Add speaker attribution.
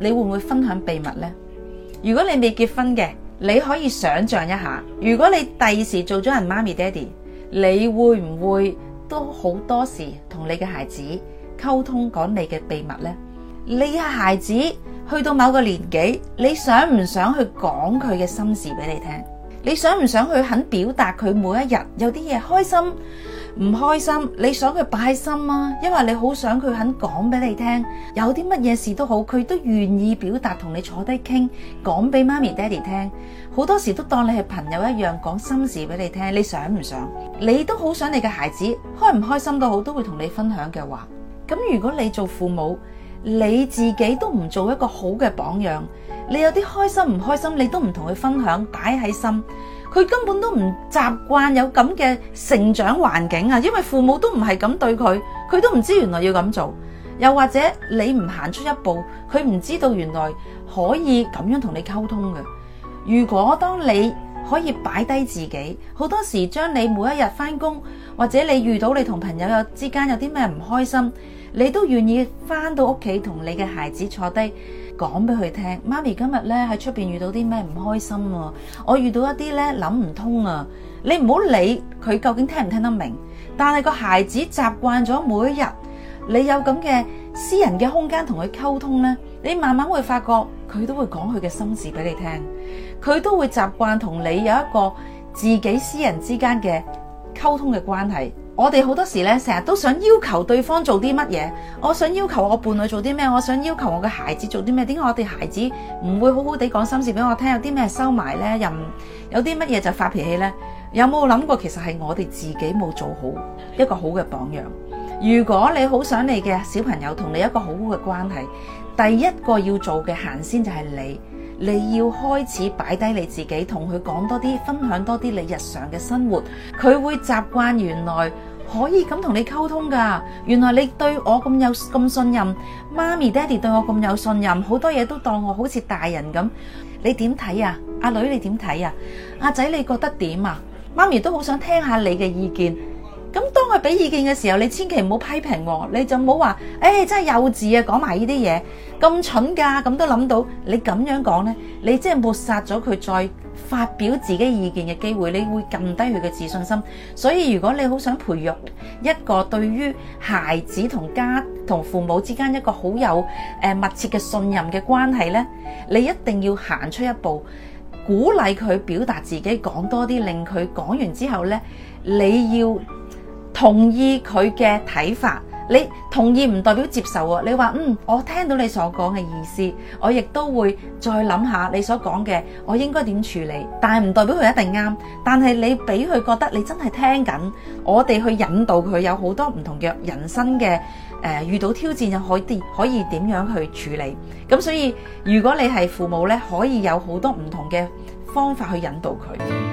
Speaker 1: 你會唔會分享秘密呢？如果你未結婚嘅，你可以想象一下，如果你第二時做咗人媽咪爹哋，你會唔會都好多時同你嘅孩子溝通，講你嘅秘密呢？你嘅孩子去到某個年紀，你想唔想去講佢嘅心事俾你聽？你想唔想去肯表達佢每一日有啲嘢開心？唔開心，你想佢擺心啊？因為你好想佢肯講俾你聽，有啲乜嘢事都好，佢都願意表達同你坐低傾，講俾媽咪、爹哋聽。好多時都當你係朋友一樣，講心事俾你聽。你想唔想？你都好想你嘅孩子開唔開心都好，都會同你分享嘅話。咁如果你做父母，你自己都唔做一個好嘅榜樣，你有啲開心唔開心，你都唔同佢分享，擺喺心。佢根本都唔習慣有咁嘅成長環境啊，因為父母都唔係咁對佢，佢都唔知原來要咁做。又或者你唔行出一步，佢唔知道原來可以咁樣同你溝通嘅。如果當你可以擺低自己，好多時將你每一日返工。或者你遇到你同朋友有之間有啲咩唔開心，你都願意翻到屋企同你嘅孩子坐低講俾佢聽。媽咪今日咧，喺出邊遇到啲咩唔開心啊，我遇到一啲咧，諗唔通啊！你唔好理佢究竟聽唔聽得明，但係個孩子習慣咗每一日，你有咁嘅私人嘅空間同佢溝通咧，你慢慢會發覺佢都會講佢嘅心事俾你聽，佢都會習慣同你有一個自己私人之間嘅。溝通嘅關係，我哋好多時咧，成日都想要求對方做啲乜嘢？我想要求我伴侶做啲咩？我想要求我嘅孩子做啲咩？點解我哋孩子唔會好好地講心事俾我聽，有啲咩收埋呢？又有啲乜嘢就發脾氣呢？有冇諗過，其實係我哋自己冇做好一個好嘅榜樣？如果你好想你嘅小朋友同你一個好好嘅關係，第一個要做嘅行先就係你。你要開始擺低你自己，同佢講多啲，分享多啲你日常嘅生活，佢會習慣。原來可以咁同你溝通㗎，原來你對我咁有咁信任，媽咪、爹哋對我咁有信任，好多嘢都當我好似大人咁。你點睇啊？阿女你點睇啊？阿仔你覺得點啊？媽咪都好想聽下你嘅意見。咁當佢俾意見嘅時候，你千祈唔好批評喎、哦，你就唔好話，誒、哎、真係幼稚啊，講埋呢啲嘢咁蠢㗎、啊，咁都諗到，你咁樣講呢，你即係抹殺咗佢再發表自己意見嘅機會，你會撳低佢嘅自信心。所以如果你好想培育一個對於孩子同家同父母之間一個好有誒、呃、密切嘅信任嘅關係呢，你一定要行出一步，鼓勵佢表達自己，講多啲，令佢講完之後呢，你要同意佢嘅睇法，你同意唔代表接受啊。你話嗯，我聽到你所講嘅意思，我亦都會再諗下你所講嘅，我應該點處理？但係唔代表佢一定啱。但係你俾佢覺得你真係聽緊，我哋去引導佢有好多唔同嘅人生嘅誒、呃，遇到挑戰又可以可以點樣去處理？咁所以如果你係父母咧，可以有好多唔同嘅方法去引導佢。